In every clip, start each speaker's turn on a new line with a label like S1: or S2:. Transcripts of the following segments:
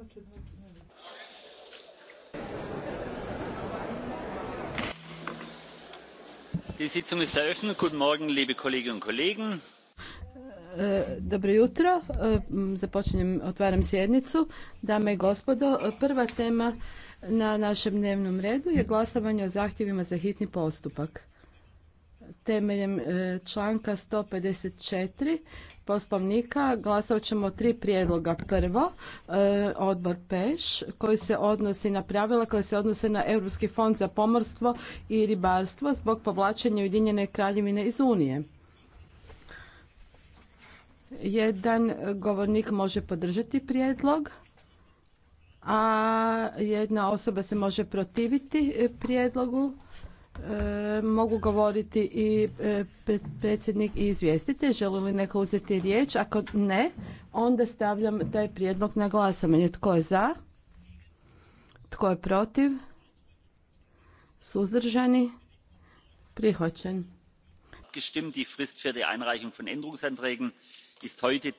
S1: E,
S2: dobro jutro, e, započinjem, otvaram sjednicu. Dame i gospodo, prva tema na našem dnevnom redu je glasovanje o zahtjevima za hitni postupak temeljem e, članka 154 poslovnika glasovat ćemo tri prijedloga. Prvo, e, odbor PEŠ koji se odnosi na pravila koja se odnose na Europski fond za pomorstvo i ribarstvo zbog povlačenja Ujedinjene kraljevine iz Unije. Jedan govornik može podržati prijedlog, a jedna osoba se može protiviti prijedlogu. E, mogu govoriti i e, predsjednik i izvjestitelj. Želi li neko uzeti riječ? Ako ne, onda stavljam taj prijedlog na glasovanje. Tko je za? Tko je protiv? Suzdržani? Prihvaćen.
S3: Gestimmt, die Frist für die Einreichung von Änderungsanträgen ist heute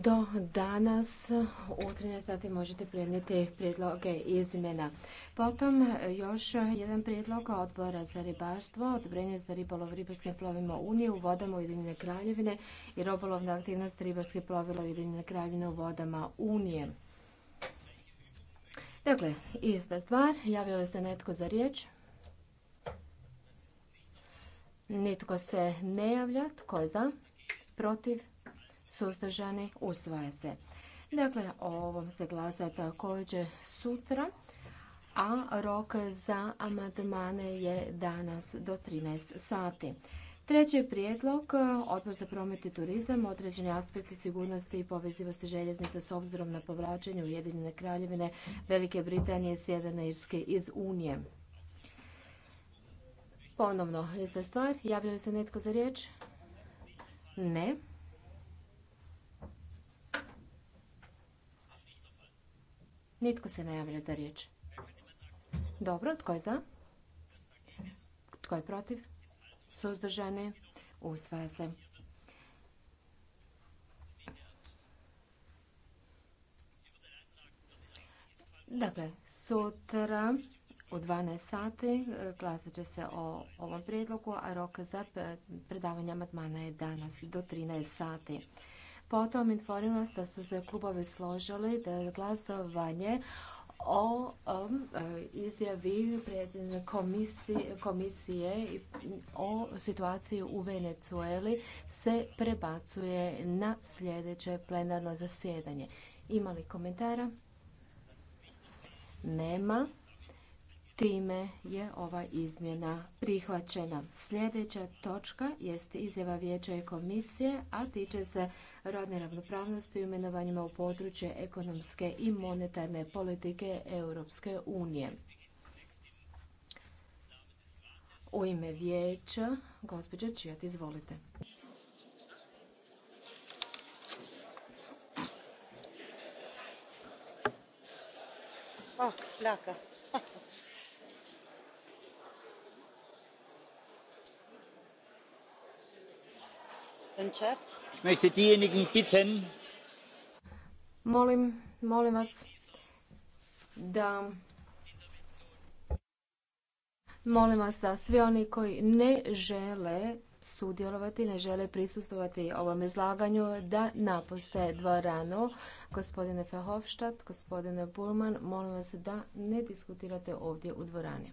S2: do danas
S4: u 13 sati možete prijedniti prijedloge izmjena. Potom još jedan prijedlog odbora za ribarstvo, odobrenje za ribolov ribarskim plovima Unije u vodama Ujedinjene kraljevine i robolovna aktivnost ribarskih plovila Ujedinjene kraljevine u vodama Unije. Dakle, ista stvar. Javio li se netko za riječ? Nitko se ne javlja. Tko je za? Protiv? suzdržani, usvaja se. Dakle, o ovom se glasa također sutra, a rok za amandmane je danas do 13 sati. Treći prijedlog, odbor za promet i turizam, određeni aspekti sigurnosti i povezivosti željeznica s obzirom na povlačenje Ujedinjene kraljevine Velike Britanije i Sjeverne Irske iz Unije. Ponovno, jeste stvar. Javlja se netko za riječ? Ne. Nitko se ne javlja za riječ. Dobro, tko je za? Tko je protiv? Suzdržani? Usvaja se. Dakle, sutra u 12 sati eh, glasat će se o ovom prijedlogu, a rok za predavanje amandmana je danas do 13 sati. Potom se da su se klubovi složili da glasovanje o um, e, izjavi komisije, komisije o situaciji u Venezueli se prebacuje na sljedeće plenarno zasjedanje. Ima li komentara? Nema. Time je ova izmjena prihvaćena. Sljedeća točka jeste izjava Vijeća i komisije, a tiče se rodne ravnopravnosti i imenovanjima u područje ekonomske i monetarne politike Europske unije. U ime Vijeća, gospođa Čijat, izvolite.
S3: Oh, Molim, vas
S4: da molim vas da svi oni koji ne žele sudjelovati, ne žele prisustovati ovom izlaganju, da napuste dvoranu. Gospodine Fehovštad, gospodine Bulman, molim vas da ne diskutirate ovdje u dvorani.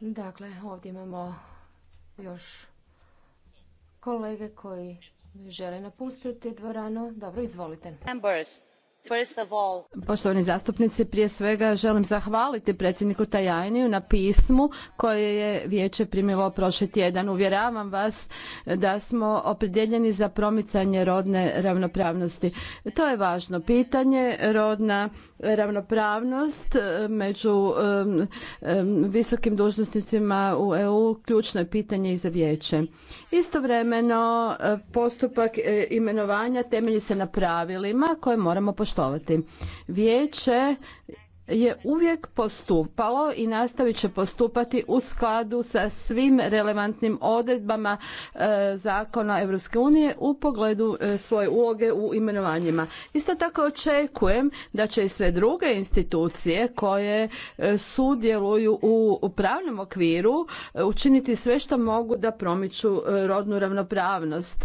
S4: Dakle, ovdje imamo još kolege koji žele napustiti dvoranu. Dobro, izvolite. Members,
S2: Poštovani zastupnici, prije svega želim zahvaliti predsjedniku Tajaniju na pismu koje je vijeće primilo prošli tjedan. Uvjeravam vas da smo opredjeljeni za promicanje rodne ravnopravnosti. To je važno pitanje. Rodna ravnopravnost eh, među visokim dužnosnicima u EU ključno je pitanje i za vijeće. Istovremeno eh, postupak eh, imenovanja temelji se na pravilima koje moramo poštovati poštovati. Vijeće je uvijek postupalo i nastavit će postupati u skladu sa svim relevantnim odredbama e, zakona Europske unije u pogledu e, svoje uloge u imenovanjima. Isto tako očekujem da će i sve druge institucije koje e, sudjeluju u pravnom okviru učiniti sve što mogu da promiču rodnu ravnopravnost.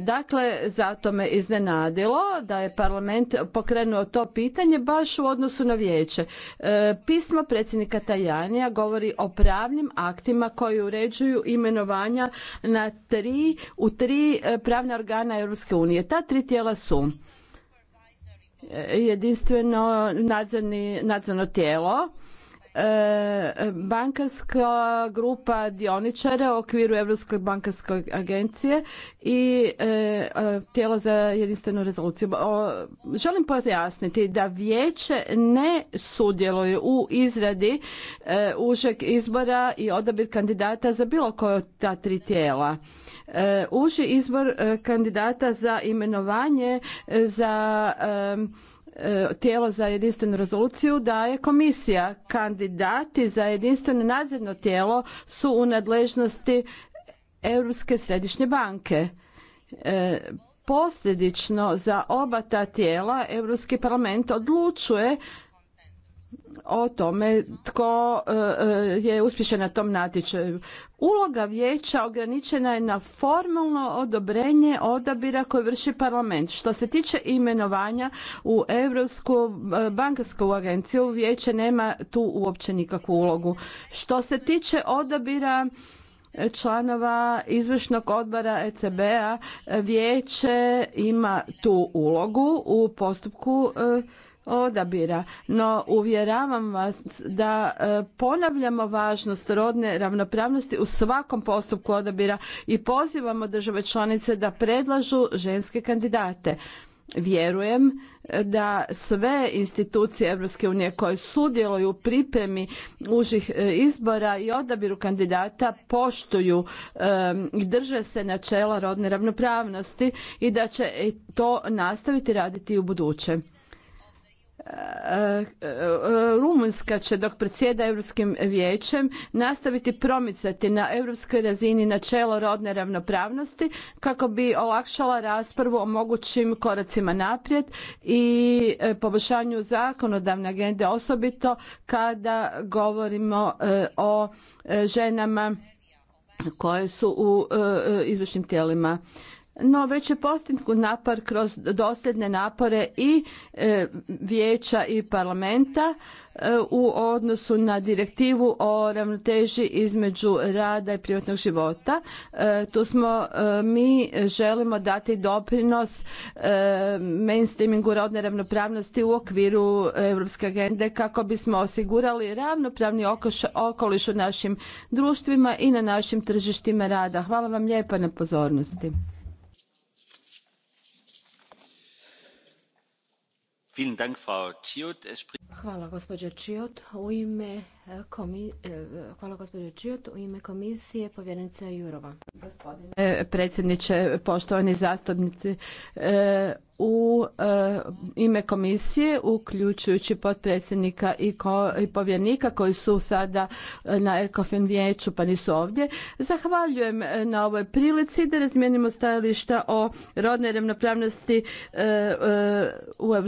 S2: Dakle, zato me iznenadilo da je parlament pokrenuo to pitanje baš u odnosu odnosu na vijeće. E, pismo predsjednika Tajanija govori o pravnim aktima koji uređuju imenovanja na tri, u tri e, pravna organa Europske unije. Ta tri tijela su e, jedinstveno nadzorni, nadzorno tijelo, E, bankarska grupa dioničara u okviru Europske bankarske agencije i e, e, tijelo za jedinstvenu rezoluciju. Želim pojasniti da vijeće ne sudjeluje u izradi užeg izbora i odabir kandidata za bilo koje od ta tri tijela. Uži izbor kandidata za imenovanje za tijelo za jedinstvenu rezoluciju daje komisija. Kandidati za jedinstveno nadzorno tijelo su u nadležnosti Europske središnje banke. E, posljedično za oba ta tijela Europski parlament odlučuje o tome tko e, e, je uspješan na tom natječaju. Uloga vijeća ograničena je na formalno odobrenje odabira koje vrši parlament. Što se tiče imenovanja u Europsku e, bankarsku agenciju, vijeće nema tu uopće nikakvu ulogu. Što se tiče odabira članova izvršnog odbora ECB-a, vijeće ima tu ulogu u postupku odabira. No uvjeravam vas da e, ponavljamo važnost rodne ravnopravnosti u svakom postupku odabira i pozivamo države članice da predlažu ženske kandidate. Vjerujem e, da sve institucije Europske unije koje sudjeluju u pripremi užih e, izbora i odabiru kandidata poštuju i drže se načela rodne ravnopravnosti i da će to nastaviti raditi i u budućem. Rumunska će dok predsjeda Europskim vijećem nastaviti promicati na europskoj razini načelo rodne ravnopravnosti kako bi olakšala raspravu o mogućim koracima naprijed i e, poboljšanju zakonodavne agende osobito kada govorimo e, o e, ženama koje su u izvršnim tijelima no već je postignut napar kroz dosljedne napore i e, vijeća i parlamenta e, u odnosu na direktivu o ravnoteži između rada i privatnog života. E, tu smo, mi želimo dati doprinos mainstreamingu rodne ravnopravnosti u okviru Europske agende kako bismo osigurali ravnopravni okoliš u našim društvima i na našim tržištima rada. Hvala vam lijepa na pozornosti.
S4: Hvala gospođo Čiot. U ime E, hvala gospođo Čijot. U ime komisije povjerenica Jurova. Gospodine
S2: predsjedniče, poštovani zastupnici, e, u e, ime komisije, uključujući potpredsjednika i, i povjerenika koji su sada na ECOFIN vijeću pa nisu ovdje, zahvaljujem na ovoj prilici da razmijenimo stajališta o rodnoj ravnopravnosti u EU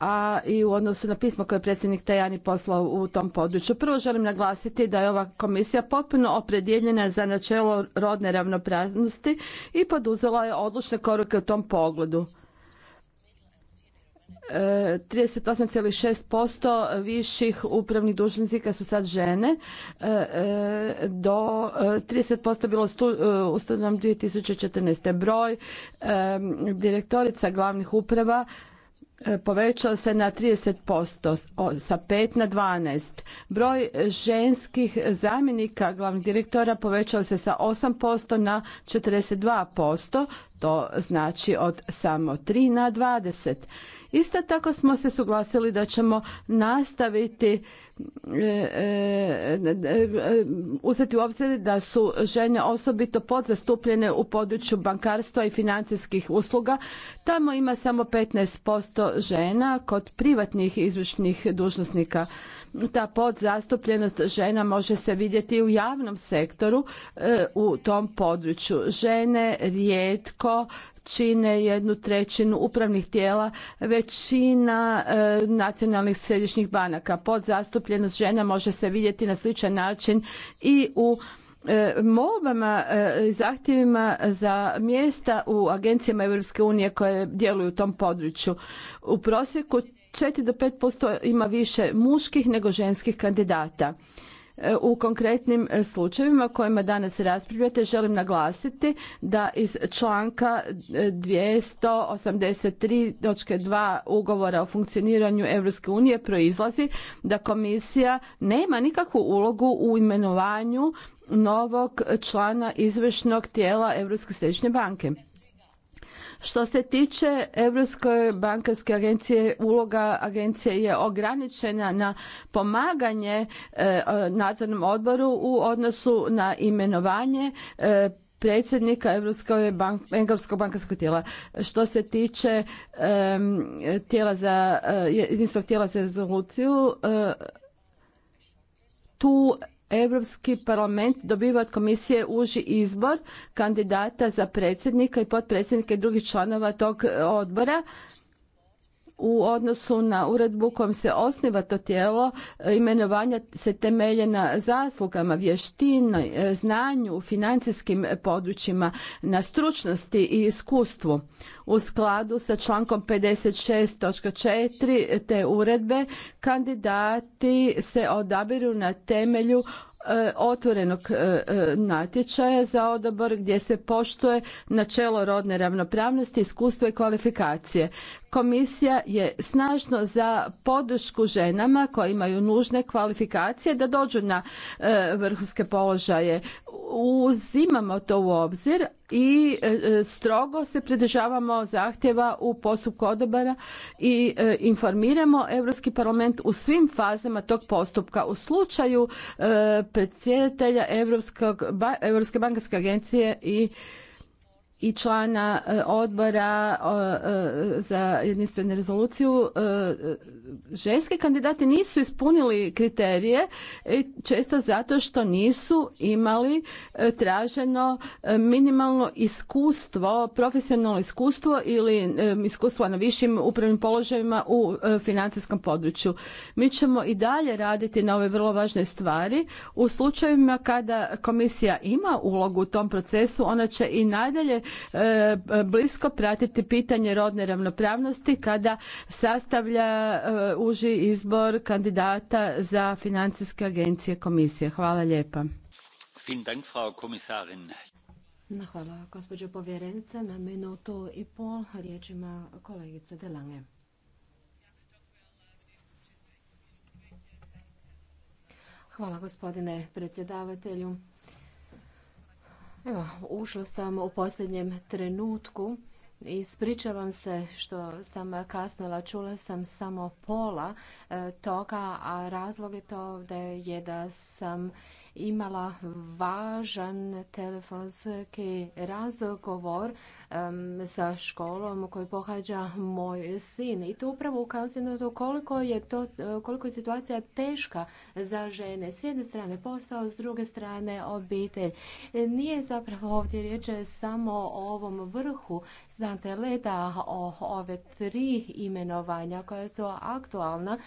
S2: a i u odnosu na pismo koje je predsjednik Tajani poslao u tom području. Prvo želim naglasiti da je ova komisija potpuno opredijeljena za načelo rodne ravnopravnosti i poduzela je odlučne koruke u tom pogledu. 38,6% e, viših upravnih dužnosnika su sad žene, e, e, do 30% bilo u studenom 2014. Broj direktorica glavnih uprava E, povećao se na 30%, sa 5 na 12. Broj ženskih zamjenika glavnih direktora povećao se sa 8% na 42%, to znači od samo 3 na 20. Isto tako smo se suglasili da ćemo nastaviti e, e, e, uzeti u obzir da su žene osobito podzastupljene u području bankarstva i financijskih usluga. Tamo ima samo 15% žena kod privatnih izvršnih dužnosnika. Ta podzastupljenost žena može se vidjeti u javnom sektoru u tom području. Žene rijetko čine jednu trećinu upravnih tijela, većina e, nacionalnih središnjih banaka. Podzastupljenost žena može se vidjeti na sličan način i u e, molbama e, i zahtjevima za mjesta u agencijama Europske unije koje djeluju u tom području. U prosjeku 4 do 5% ima više muških nego ženskih kandidata. E, u konkretnim e, slučajevima o kojima danas raspravljate želim naglasiti da iz članka 283.2 e, ugovora o funkcioniranju Europske unije proizlazi da komisija nema nikakvu ulogu u imenovanju novog člana izvršnog tijela Europske središnje banke. Što se tiče Europske bankarske agencije, uloga agencije je ograničena na pomaganje e, e, nadzornom odboru u odnosu na imenovanje e, predsjednika Europskog bankarskog tijela. Što se tiče jedinstvenog tijela za rezoluciju, tu Europski parlament dobiva od komisije uži izbor kandidata za predsjednika i potpredsjednike drugih članova tog odbora u odnosu na uredbu kojom se osniva to tijelo e, imenovanja se temelje na zaslugama, vještini, e, znanju u financijskim područjima, na stručnosti i iskustvu. U skladu sa člankom 56.4 te uredbe kandidati se odabiru na temelju e, otvorenog natječaja za odabor gdje se poštuje načelo rodne ravnopravnosti, iskustva i kvalifikacije. Komisija je snažno za podršku ženama koje imaju nužne kvalifikacije da dođu na e, vrhunske položaje. Uzimamo to u obzir i e, e, strogo se pridržavamo zahtjeva u postupku odobara i informiramo Europski parlament u svim fazama tog postupka. U slučaju predsjedatelja Europske bankarske agencije i i člana e, odbora e, za jedinstvenu rezoluciju e, Ženske kandidate nisu ispunili kriterije često zato što nisu imali traženo minimalno iskustvo, profesionalno iskustvo ili iskustvo na višim upravnim položajima u financijskom području. Mi ćemo i dalje raditi na ove vrlo važne stvari. U slučajevima kada komisija ima ulogu u tom procesu, ona će i nadalje E, blisko pratiti pitanje rodne ravnopravnosti kada sastavlja e, uži izbor kandidata za financijske agencije komisije. Hvala lijepa. Hvala,
S4: gospođo povjerenice. Na minutu i pol riječima kolegice Delange. Hvala, gospodine predsjedavatelju. Evo, ušla sam u posljednjem trenutku. i spričavam se što sam kasnila, čula sam samo pola e, toga, a razlog je to da je da sam imala važan telefonski razgovor sa školom koji pohađa moj sin. I to upravo ukazuje na to koliko je, to, koliko je situacija teška za žene. S jedne strane posao, s druge strane obitelj. Nije zapravo ovdje riječ samo o ovom vrhu, znate, leda o ove tri imenovanja koja su aktualna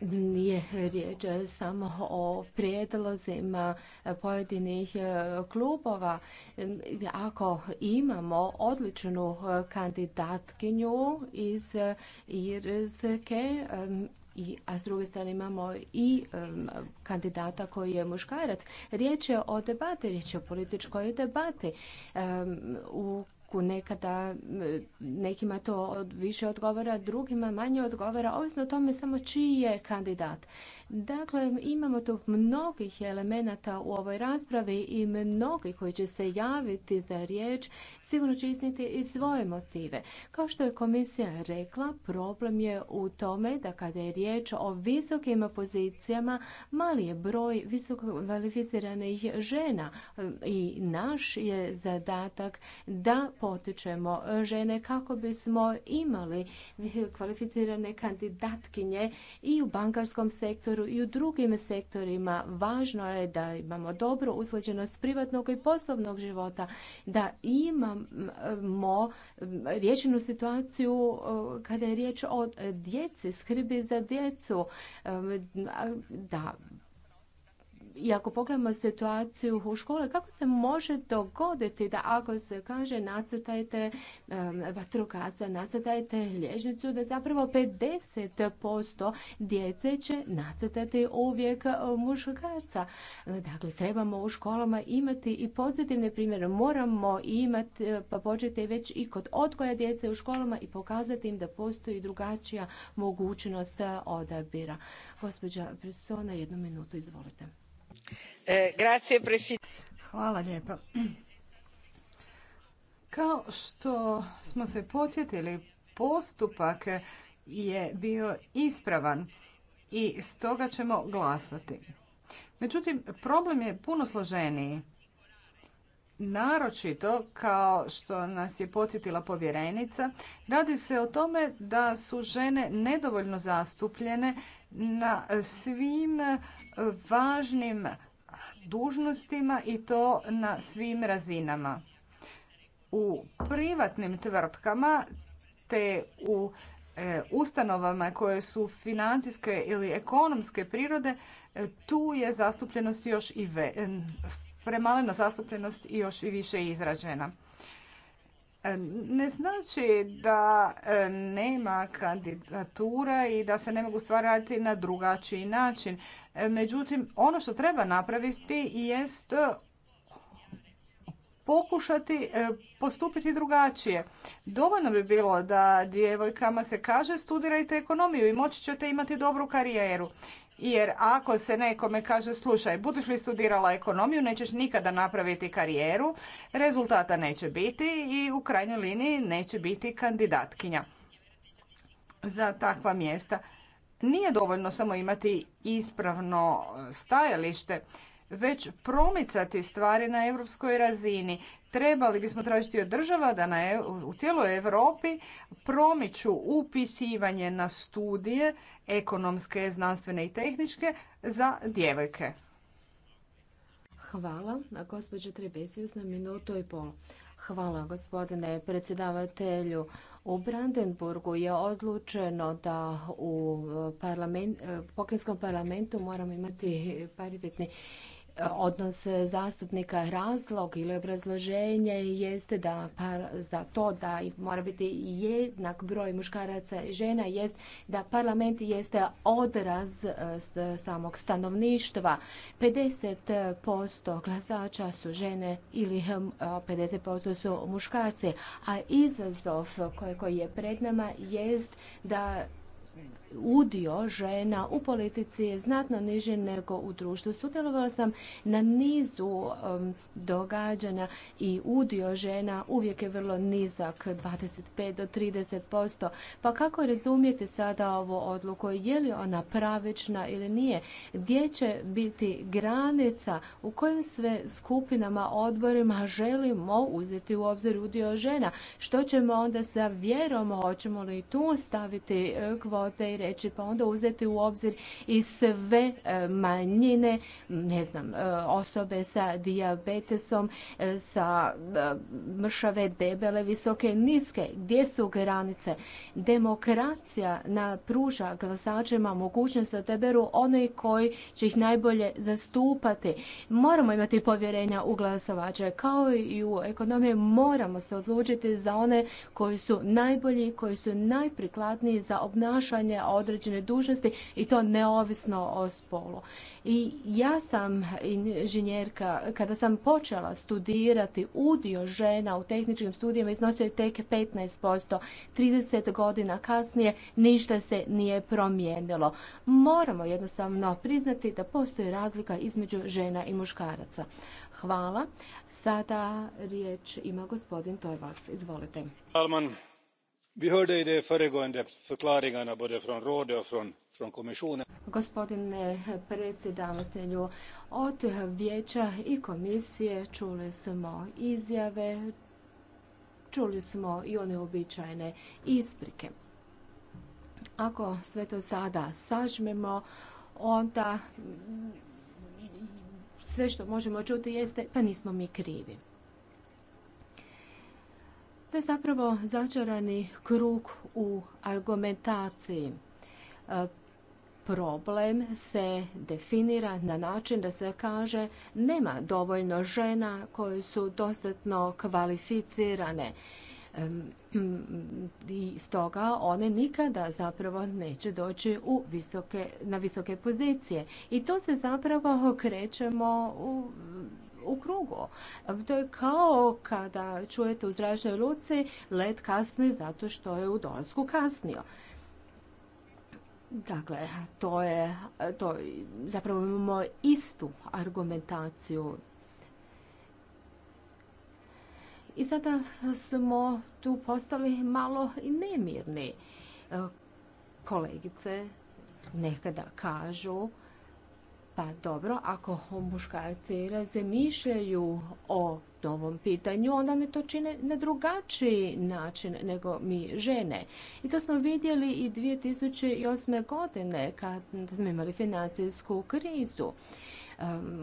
S4: nije riječ samo o prijedlozima pojedinih e, klubova. Ako imamo odličnu kandidatkinju iz Irske, e, i, a s druge strane imamo i e, kandidata koji je muškarac. Riječ je o debati, riječ je o političkoj debati. u trenutku. Nekada nekima to više odgovara, drugima manje odgovara, ovisno o tome samo čiji je kandidat. Dakle, imamo tu mnogih elemenata u ovoj raspravi i mnogi koji će se javiti za riječ sigurno će isniti i svoje motive. Kao što je komisija rekla, problem je u tome da kada je riječ o visokim pozicijama, mali je broj visoko kvalificiranih žena i naš je zadatak da potičemo žene kako bismo imali kvalificirane kandidatkinje i u bankarskom sektoru i u drugim sektorima važno je da imamo dobru usklađenost privatnog i poslovnog života, da imamo eh, riješenu situaciju eh, kada je riječ o djeci, skrbi za djecu, eh, da i ako pogledamo situaciju u škole, kako se može dogoditi da ako se kaže nacrtajte vatrokasa, nacrtajte lježnicu, da zapravo 50% djece će nacrtati uvijek e, muškarca. Dakle, trebamo u školama imati i pozitivne primjere. Moramo imati, e, pa početi već i kod odgoja djece u školama i pokazati im da postoji drugačija mogućnost e, odabira. Gospođa Persona, jednu minutu, izvolite.
S1: E, Hvala lijepa. Kao što smo se podsjetili, postupak je bio ispravan i stoga ćemo glasati. Međutim, problem je puno složeniji. Naročito, kao što nas je podsjetila povjerenica, radi se o tome da su žene nedovoljno zastupljene na svim važnim dužnostima i to na svim razinama. U privatnim tvrtkama te u e, ustanovama koje su financijske ili ekonomske prirode, e, tu je zastupljenost još i e, premalena zastupljenost još i više izražena ne znači da nema kandidatura i da se ne mogu stvarati na drugačiji način. Međutim, ono što treba napraviti jest e, pokušati e, postupiti drugačije. Dovoljno bi bilo da djevojkama se kaže studirajte ekonomiju i moći ćete imati dobru karijeru jer ako se nekome kaže slušaj, buduš li studirala ekonomiju, nećeš nikada napraviti karijeru, rezultata neće biti i u krajnjoj liniji neće biti kandidatkinja za takva mjesta. Nije dovoljno samo imati ispravno stajalište već promicati stvari na europskoj razini. Trebali bismo tražiti od država da na, u cijeloj Europi promiču upisivanje na studije ekonomske, znanstvene i tehničke za djevojke. Hvala. Gospođo Trebezius na minutu i pol. Hvala gospodine
S4: predsjedavatelju. U Brandenburgu je odlučeno da u parlament, eh, parlamentu moramo imati paritetni odnos zastupnika razlog ili obrazloženje jeste da par, za to da mora biti jednak broj muškaraca i žena jest da parlament jeste odraz e, samog stanovništva. 50% glasača su žene ili 50% e, su muškarci, a izazov koji je pred nama jest da udio žena u politici je znatno niži nego u društvu. Sudjelovala sam na nizu um, događanja i udio žena uvijek je vrlo nizak, 25 do 30%. Pa kako razumijete sada ovu odluku? Je li ona pravična ili nije? Gdje će biti granica? U kojim sve skupinama, odborima želimo uzeti u obzir udio žena? Što ćemo onda sa vjerom? Hoćemo li tu staviti eh, kvotu? te reći, pa onda uzeti u obzir i sve e, manjine, ne znam, e, osobe sa dijabetesom, e, sa mršave, debele, visoke, niske, gdje su granice. Demokracija na pruža glasačima mogućnost da beru one koji će ih najbolje zastupati. Moramo imati povjerenja u glasovače, kao i u ekonomiji moramo se odlučiti za one koji su najbolji, koji su najprikladniji za obnašanje obnašanja određene dužnosti i to neovisno o spolu. I ja sam inženjerka, kada sam počela studirati, udio žena u tehničkim studijima iznosio je tek 15%. 30 godina kasnije ništa se nije promijenilo. Moramo jednostavno priznati da postoji razlika između žena i muškaraca. Hvala. Sada riječ ima gospodin Torvac. Izvolite vi Gospodine predsjedavatelju, od vijeća i komisije čuli smo izjave, čuli smo i one običajne isprike. Ako sve to sada sažmemo, onda sve što možemo čuti jeste pa nismo mi krivi. To je zapravo začarani krug u argumentaciji. E, problem se definira na način da se kaže nema dovoljno žena koje su dostatno kvalificirane e, i stoga one nikada zapravo neće doći u na visoke pozicije. I to se zapravo krećemo u u krugu. To je kao kada čujete u zračnoj luci let kasni zato što je u dolasku kasnio. Dakle, to je, to, zapravo imamo istu argumentaciju. I sada smo tu postali malo i nemirni. Kolegice nekada kažu pa dobro, ako muškarci razmišljaju o ovom pitanju, onda ne to čine na drugačiji način nego mi žene. I to smo vidjeli i 2008. godine kad smo imali financijsku krizu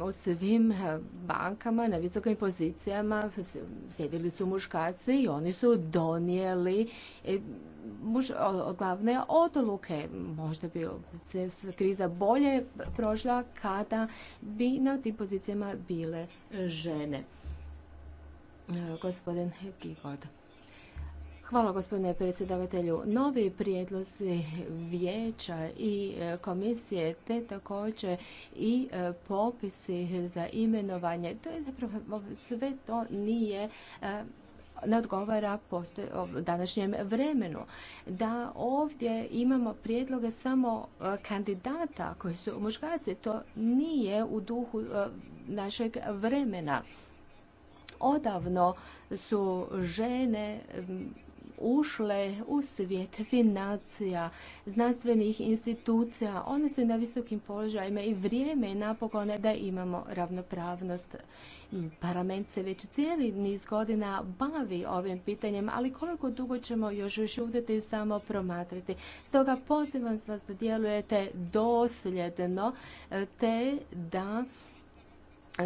S4: u svim eh, bankama na visokim pozicijama sjedili su muškarci i oni su donijeli eh, od glavne odluke. Možda bi se kriza bolje prošla kada bi na tim pozicijama bile žene. E, gospodin Hvala gospodine predsjedavatelju. Novi prijedlozi vijeća i e, komisije te također i e, popisi za imenovanje, to je zapravo sve to nije ne odgovara u današnjem vremenu. Da ovdje imamo prijedloge samo e, kandidata koji su muškarci, to nije u duhu e, našeg vremena odavno su žene ušle u svijet financija, znanstvenih institucija. One su na visokim položajima i vrijeme je napokon da imamo ravnopravnost. Parlament se već cijeli niz godina bavi ovim pitanjem, ali koliko dugo ćemo još šutiti i samo promatrati. Stoga pozivam vas da djelujete dosljedno te da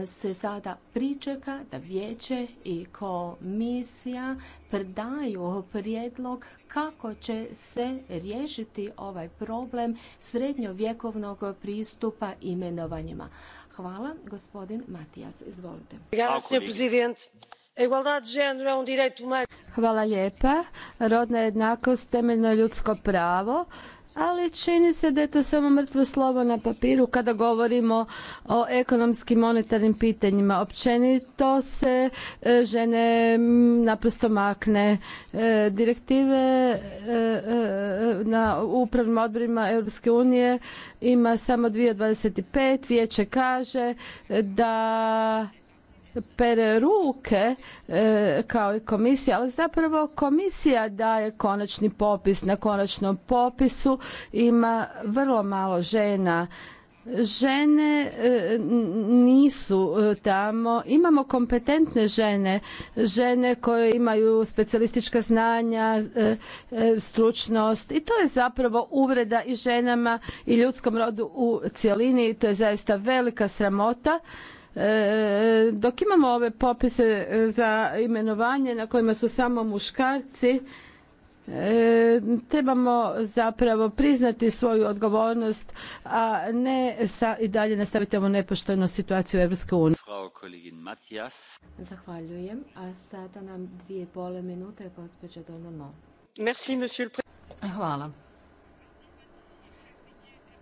S4: se sada pričeka da vijeće i komisija predaju prijedlog kako će se riješiti ovaj problem srednjovjekovnog pristupa imenovanjima. Hvala, gospodin Matijas, izvolite.
S2: Um Hvala lijepa. Rodna jednakost temeljno ljudsko pravo ali čini se da je to samo mrtvo slovo na papiru kada govorimo o ekonomskim monetarnim pitanjima. Općenito se e, žene naprosto makne e, direktive e, na upravnim odborima Europske unije ima samo 2.25. Vijeće kaže da pere ruke e, kao i komisija, ali zapravo komisija daje konačni popis. Na konačnom popisu ima vrlo malo žena žene e, nisu e, tamo imamo kompetentne žene žene koje imaju specijalistička znanja stručnost i to je zapravo uvreda i ženama i ljudskom rodu u cjelini to je zaista velika sramota E, dok imamo ove popise e, za imenovanje na kojima su samo muškarci, e, trebamo zapravo priznati svoju odgovornost, a ne sa, i dalje nastaviti ovu nepoštojnu situaciju u unije. Zahvaljujem.
S4: A sada nam dvije pole minute, gospođa
S1: Donano. Merci, monsieur le Hvala.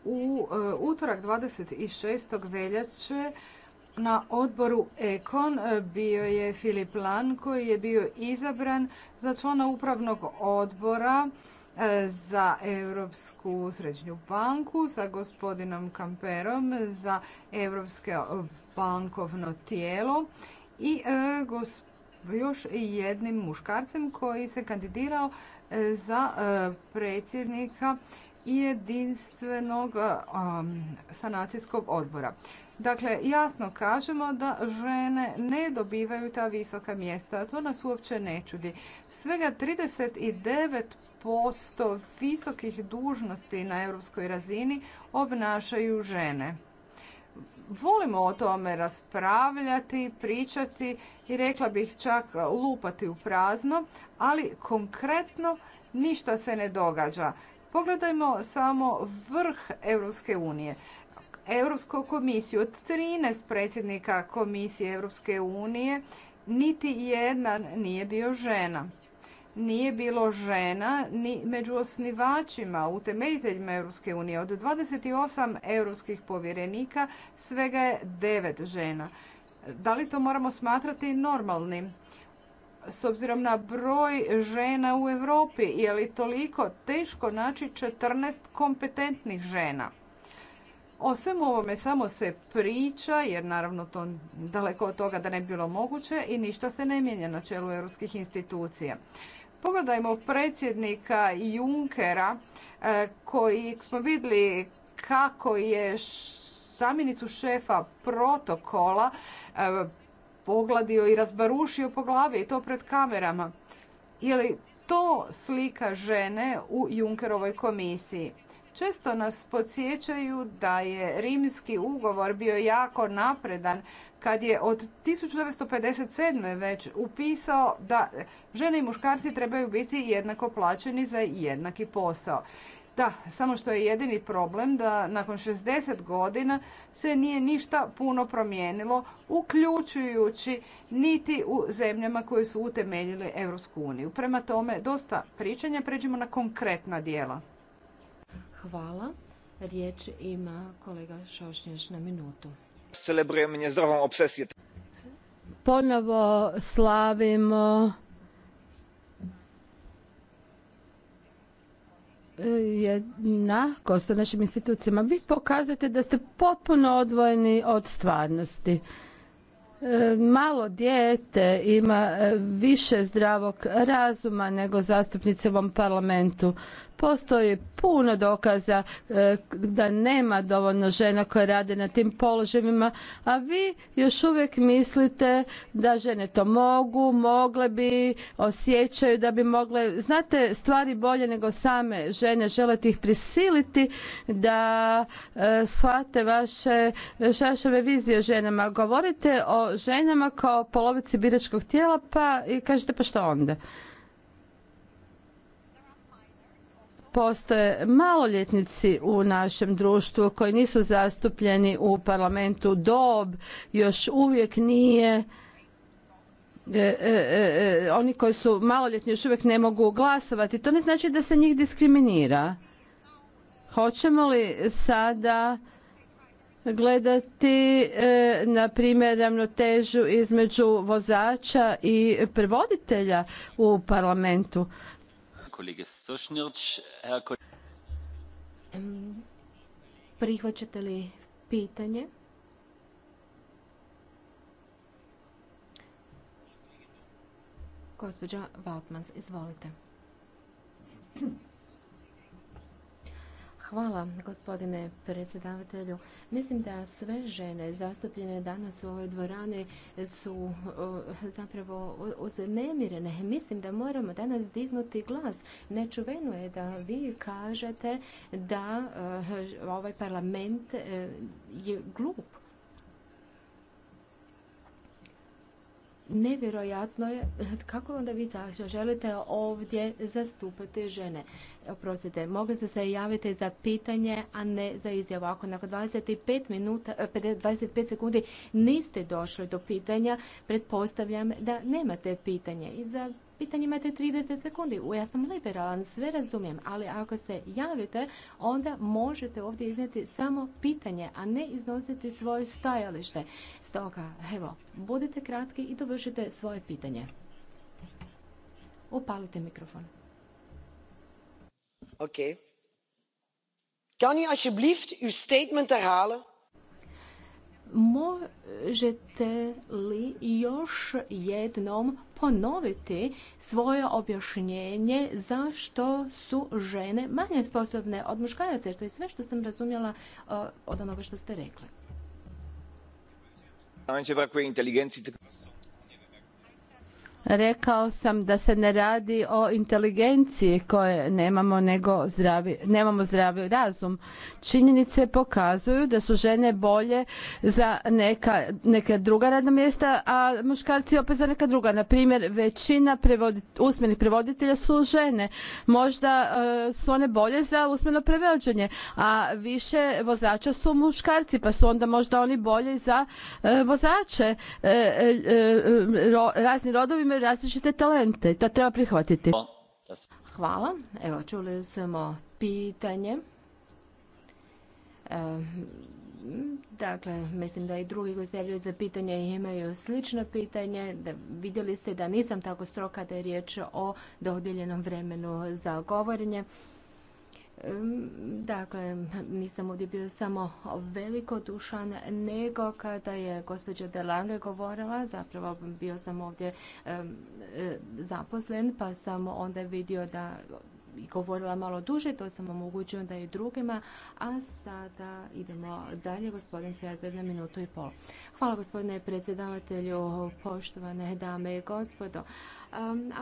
S1: U utorak 26. veljače na odboru Ekon e, bio je Filip Lan koji je bio izabran za člana upravnog odbora e, za Europsku središnju banku sa gospodinom Kamperom za Europsko bankovno tijelo i e, još jednim muškarcem koji se kandidirao za predsjednika jedinstvenog sanacijskog odbora. Dakle, jasno kažemo da žene ne dobivaju ta visoka mjesta. To nas uopće ne čudi. Svega 39% visokih dužnosti na europskoj razini obnašaju žene. Volimo o tome raspravljati, pričati i rekla bih čak lupati u prazno, ali konkretno ništa se ne događa. Pogledajmo samo vrh Europske unije. Europsku komisiju. Od 13 predsjednika komisije Europske unije niti jedna nije bio žena. Nije bilo žena ni među osnivačima, utemeljiteljima Europske unije. Od 28 europskih povjerenika svega je 9 žena. Da li to moramo smatrati normalnim? s obzirom na broj žena u Europi, je li toliko teško naći 14 kompetentnih žena? O svemu ovome samo se priča, jer naravno to daleko od toga da ne bi bilo moguće i ništa se ne mijenja na čelu europskih institucija. Pogledajmo predsjednika Junckera e, koji smo vidjeli kako je saminicu šefa protokola e, pogladio i razbarušio po glavi i to pred kamerama. Je li to slika žene u Junkerovoj komisiji? Često nas podsjećaju da je rimski ugovor bio jako napredan kad je od 1957. već upisao da žene i muškarci trebaju biti jednako plaćeni za jednaki posao. Da, samo što je jedini problem da nakon 60 godina se nije ništa puno promijenilo, uključujući niti u zemljama koje su utemeljile Europsku uniju. Prema tome, dosta pričanja, pređimo na konkretna dijela. Hvala. Riječ ima kolega Šošnjaš na minutu.
S2: Ponovo slavimo e, jednakost u našim institucijama. Vi pokazujete da ste potpuno odvojeni od stvarnosti. E, malo dijete ima e, više zdravog razuma nego zastupnici u ovom parlamentu. Postoji puno dokaza e, da nema dovoljno žena koje rade na tim položajima, a vi još uvijek mislite da žene to mogu, mogle bi, osjećaju da bi mogle. Znate stvari bolje nego same žene, želite ih prisiliti da e, shvate vaše šašove vizije o ženama. Govorite o ženama kao polovici biračkog tijela pa i kažete pa što onda? postoje maloljetnici u našem društvu koji nisu zastupljeni u parlamentu. Dob još uvijek nije e, e, e, e, oni koji su maloljetni još uvijek ne mogu glasovati. To ne znači da se njih diskriminira. Hoćemo li sada gledati e, na primjer ravnotežu između vozača i prevoditelja u parlamentu?
S4: Prihvaćate li pitanje? Gospođa Valtmans, izvolite. Hvala, gospodine predsjedavatelju. Mislim da sve žene zastupljene danas u ovoj dvorani su zapravo uznemirene. Mislim da moramo danas dignuti glas. Nečuveno je da vi kažete da e, ovaj parlament e, je glup nevjerojatno je kako onda vi želite ovdje zastupati žene. Oprostite, mogli ste se javiti za pitanje, a ne za izjavu. Ako nakon 25, minuta, 25 eh, sekundi niste došli do pitanja, pretpostavljam da nemate pitanje. I za pitanje imate 30 sekundi. Ja sam liberalan, sve razumijem, ali ako se javite, onda možete ovdje iznijeti samo pitanje, a ne iznositi svoje stajalište. Stoga, evo, budite kratki i dovršite svoje pitanje. Upalite mikrofon.
S1: Ok.
S2: Kan alsjeblieft uw statement herhalen? Možete
S4: li još jednom ponoviti svoje objašnjenje zašto su žene manje sposobne od muškaraca, jer to je sve što sam
S2: razumjela eh, od onoga što ste rekli. Rekao sam da se ne radi o inteligenciji koje nemamo, nego zdravi, nemamo zdravi razum. Činjenice pokazuju da su žene bolje za neka, neka druga radna mjesta, a muškarci opet za neka druga. Na primjer, većina usmenih prevoditelja su žene. Možda e, su one bolje za usmeno prevođenje, a više vozača su muškarci, pa su onda možda oni bolji za e, vozače. E, e, ro, razni rodovi imaju različite talente i to treba prihvatiti. Hvala.
S4: Evo, čuli smo pitanje. E, dakle, mislim da i drugi koji se javljaju za pitanje imaju slično pitanje. Da vidjeli ste da nisam tako stroka da je riječ o dodijeljenom vremenu za govorenje. Dakle, nisam ovdje bio samo velikodušan, nego kada je gospođa Delange govorila, zapravo bio sam ovdje e, zaposlen, pa sam onda vidio da govorila malo duže, to sam omogućio da i drugima, a sada idemo dalje, gospodin Ferber na minutu i pol. Hvala gospodine predsjedavatelju, poštovane dame i gospodo.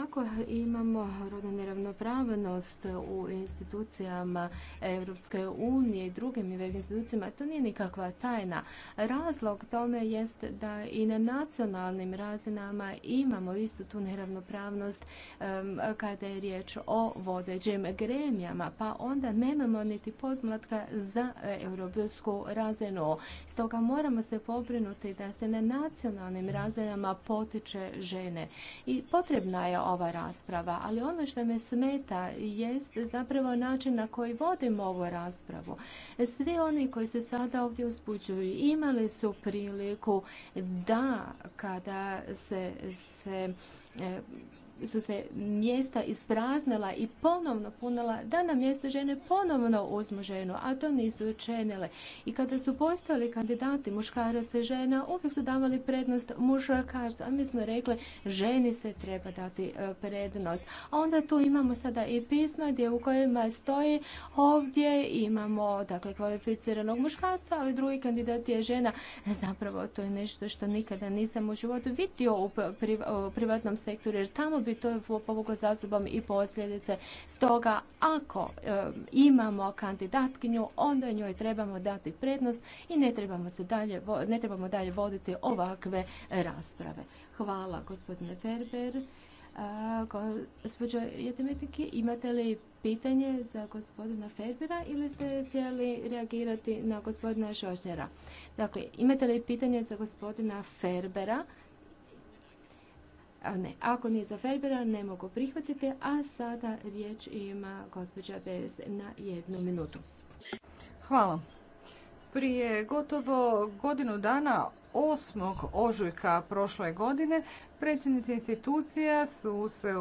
S4: Ako imamo rodnu neravnopravnost u institucijama Europske unije i drugim institucijama, to nije nikakva tajna. Razlog tome jest da i na nacionalnim razinama imamo istu tu neravnopravnost kada je riječ o vode geme gremijama, pa onda nemamo niti podmlatka za e, europsku razinu. Stoga moramo se pobrinuti da se na nacionalnim razinama potiče žene. I potrebna je ova rasprava, ali ono što me smeta jest zapravo način na koji vodimo ovu raspravu. Svi oni koji se sada ovdje uspućuju imali su priliku da kada se, se e, su se mjesta ispraznila i ponovno punila, da na mjesto žene ponovno uzmu ženu, a to nisu učinile. I kada su postali kandidati muškaraca i žena, uvijek su davali prednost muškarcu, a mi smo rekli ženi se treba dati e, prednost. A onda tu imamo sada i pisma gdje u kojima stoji ovdje imamo dakle kvalificiranog muškarca, ali drugi kandidat je žena. Zapravo to je nešto što nikada nisam u životu vidio u privatnom sektoru, jer tamo bi bi to povuklo za sobom i posljedice. Stoga, ako imamo kandidatkinju, onda njoj trebamo dati prednost i ne trebamo, se dalje, ne trebamo dalje voditi ovakve rasprave. Hvala, gospodine Ferber. E, gospođo imate li pitanje za gospodina Ferbera ili ste htjeli reagirati na gospodina Šošnjera? Dakle, imate li pitanje za gospodina Ferbera? Ne, ako nije za Ferbera, ne mogu prihvatiti, a sada riječ ima gospođa Beres na jednu minutu. Hvala.
S1: Prije gotovo godinu dana 8. ožujka prošle godine predsjednici institucija su se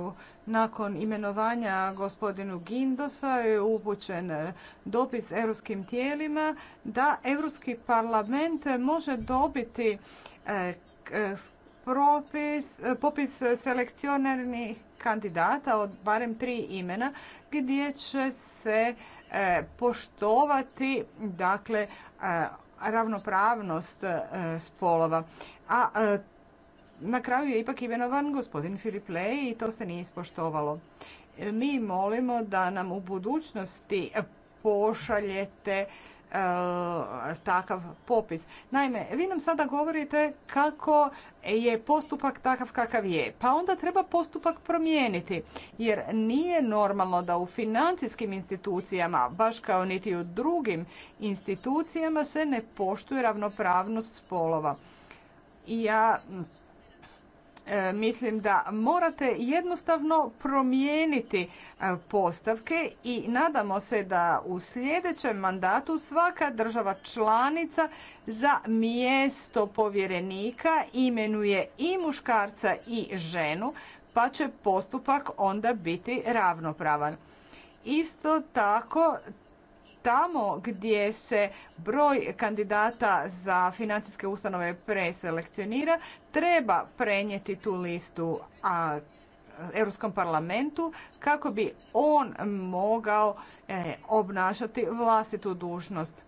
S1: nakon imenovanja gospodinu Gindosa je upućen dopis europskim tijelima da Europski parlament može dobiti eh, eh, popis selekcionernih kandidata od barem tri imena gdje će se e, poštovati dakle e, ravnopravnost e, spolova. A na kraju je ipak imenovan gospodin Filip i to se nije ispoštovalo. Mi molimo da nam u budućnosti pošaljete E, takav popis. Naime, vi nam sada govorite kako je postupak takav kakav je. Pa onda treba postupak promijeniti jer nije normalno da u financijskim institucijama, baš kao niti u drugim institucijama se ne poštuje ravnopravnost spolova. I ja E, mislim da morate jednostavno promijeniti e, postavke i nadamo se da u sljedećem mandatu svaka država članica za mjesto povjerenika imenuje i muškarca i ženu pa će postupak onda biti ravnopravan. Isto tako tamo gdje se broj kandidata za financijske ustanove preselekcionira treba prenijeti tu listu a Europskom parlamentu kako bi on mogao e, obnašati vlastitu dužnost.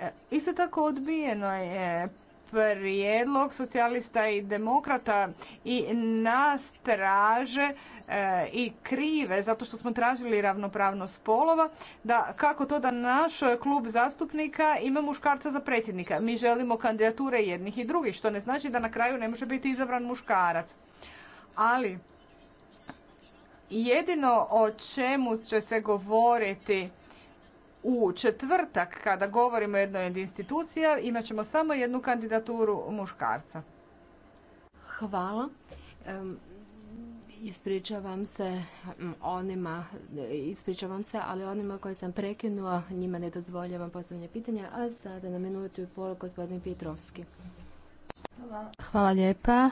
S1: E, isto tako odbijeno je prijedlog socijalista i demokrata i nas traže e, i krive zato što smo tražili ravnopravnost spolova da kako to da naš klub zastupnika ima muškarca za predsjednika. Mi želimo kandidature jednih i drugih što ne znači da na kraju ne može biti izabran muškarac. Ali jedino o čemu će se govoriti u četvrtak, kada govorimo o jednoj od institucija, imat ćemo samo jednu kandidaturu muškarca. Hvala. Ispričavam se
S4: onima, ispričavam se, ali onima koje sam prekinuo, njima ne dozvoljavam postavljanje pitanja, a sada na minutu i pol gospodin Petrovski.
S2: Hvala lijepa,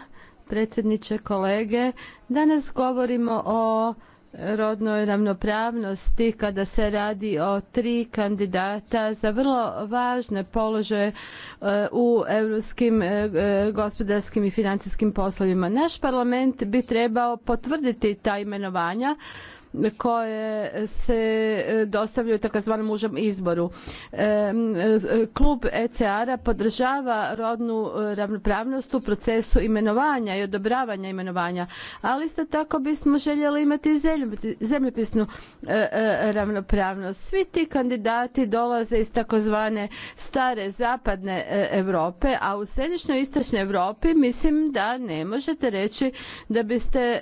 S2: predsjedniče kolege. Danas govorimo o rodnoj ravnopravnosti kada se radi o tri kandidata za vrlo važne položaje e, u europskim e, gospodarskim i financijskim poslovima. Naš parlament bi trebao potvrditi ta imenovanja koje se e, dostavljaju takozvanom mužem izboru. E, e, klub ECR-a podržava rodnu ravnopravnost u procesu imenovanja i odobravanja imenovanja, ali isto tako bismo željeli imati zemljopisnu ravnopravnost. Svi ti kandidati dolaze iz takozvane stare zapadne Europe, a u središnjoj istočnoj Europi mislim da ne možete reći da biste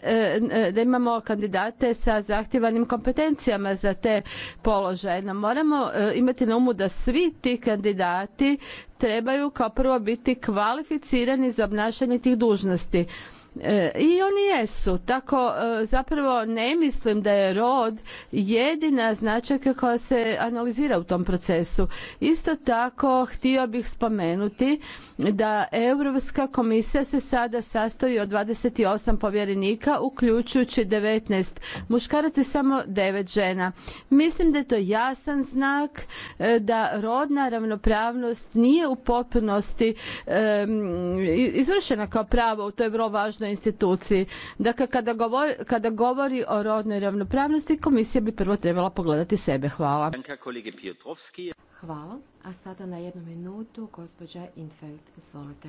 S2: da imamo kandidate sa zahtjevanim kompetencijama za te položaje. No, moramo e, imati na umu da svi ti kandidati trebaju kao prvo biti kvalificirani za obnašanje tih dužnosti. E, I oni jesu. Tako e, zapravo ne mislim da je rod jedina značajka koja se analizira u tom procesu. Isto tako htio bih spomenuti da Europska komisija se sada sastoji od 28 povjerenika uključujući 19 muškaraca i samo 9 žena. Mislim da je to jasan znak e, da rodna ravnopravnost nije u potpunosti izvršena kao pravo u toj vrlo važnoj instituciji. Dakle, kada govori, kada govori o rodnoj ravnopravnosti, komisija bi prvo trebala pogledati sebe. Hvala.
S3: Hvala.
S4: A sada na jednu minutu gospođa Infeld. Izvolite.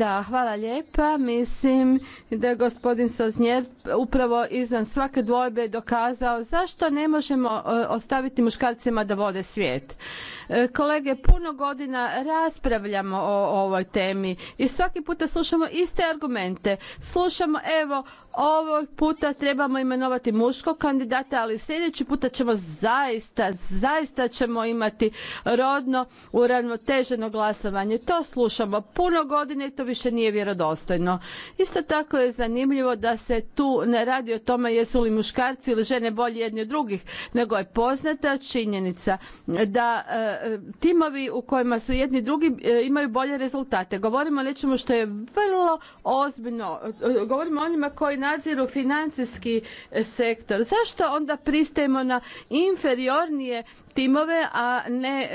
S2: Da, hvala lijepa. Mislim da je gospodin Soznjer upravo izvan svake dvojbe dokazao zašto ne možemo e, ostaviti muškarcima da vode svijet. E, kolege, puno godina raspravljamo o ovoj temi i svaki puta slušamo iste argumente. Slušamo, evo, Ovog puta trebamo imenovati muškog kandidata, ali sljedeći puta ćemo zaista, zaista ćemo imati rodno uravnoteženo glasovanje. To slušamo puno godine i to više nije vjerodostojno. Isto tako je zanimljivo da se tu ne radi o tome jesu li muškarci ili žene bolji jedni od drugih, nego je poznata činjenica da e, timovi u kojima su jedni drugi e, imaju bolje rezultate. Govorimo o nečemu što je vrlo ozbiljno. E, govorimo o onima koji nadziru financijski e, sektor. Zašto onda pristajemo na inferiornije timove, a ne,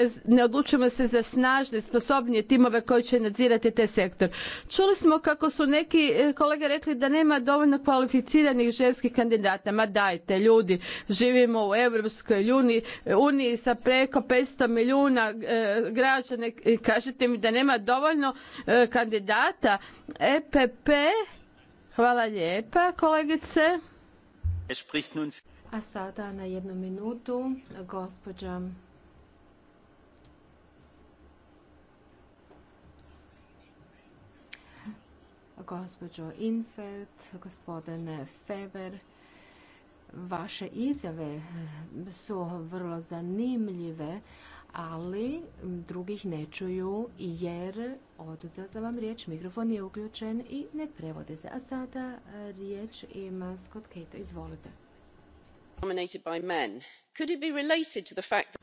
S2: odlučujemo se za snažne, sposobnije timove koji će nadzirati te sektor? Čuli smo kako su neki e, kolege rekli da nema dovoljno kvalificiranih ženskih kandidata. Ma dajte, ljudi, živimo u Europskoj uniji, e, uniji sa preko 500 milijuna e, i Kažete mi da nema dovoljno kandidata. EPP Hvala lijepa kolegice. A sada
S4: na jednu minutu gospođa gospođo Infeld, gospodine Feber. Vaše izjave su vrlo zanimljive, ali drugih ne čuju jer oduzela sam vam riječ, mikrofon je uključen i ne prevode se. A sada e, riječ ima Scott Cato, izvolite.